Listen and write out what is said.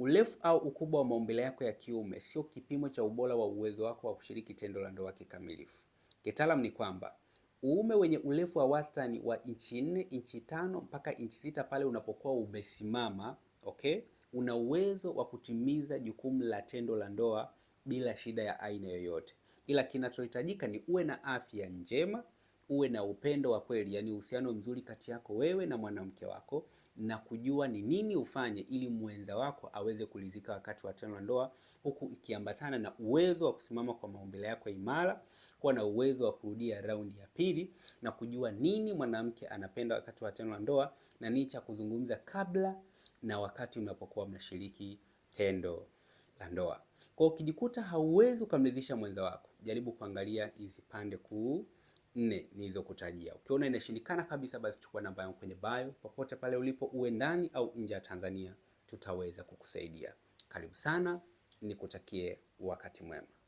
Urefu au ukubwa wa maumbile yako ya kiume sio kipimo cha ubora wa uwezo wako wa kushiriki tendo la ndoa kikamilifu. kitaalamu ni kwamba uume wenye urefu wa wastani wa inchi nne, inchi tano mpaka inchi sita pale unapokuwa umesimama, okay, una uwezo wa kutimiza jukumu la tendo la ndoa bila shida ya aina yoyote, ila kinachohitajika ni uwe na afya njema uwe na upendo wa kweli, yani uhusiano mzuri kati yako wewe na mwanamke wako, na kujua ni nini ufanye ili mwenza wako aweze kulizika wakati wa tendo la ndoa, huku ikiambatana na uwezo wa kusimama kwa maumbile yako imara, kuwa na uwezo wa kurudia raundi ya pili, na kujua nini mwanamke anapenda wakati wa tendo la ndoa na nini cha kuzungumza kabla na wakati unapokuwa mnashiriki tendo la ndoa. Kwa ukijikuta hauwezi ukamridhisha mwenza wako, jaribu kuangalia hizi pande kuu nne nilizokutajia. Ukiona inashindikana kabisa, basi chukua namba yangu kwenye bio, popote pale ulipo, uwe ndani au nje ya Tanzania, tutaweza kukusaidia. Karibu sana, nikutakie wakati mwema.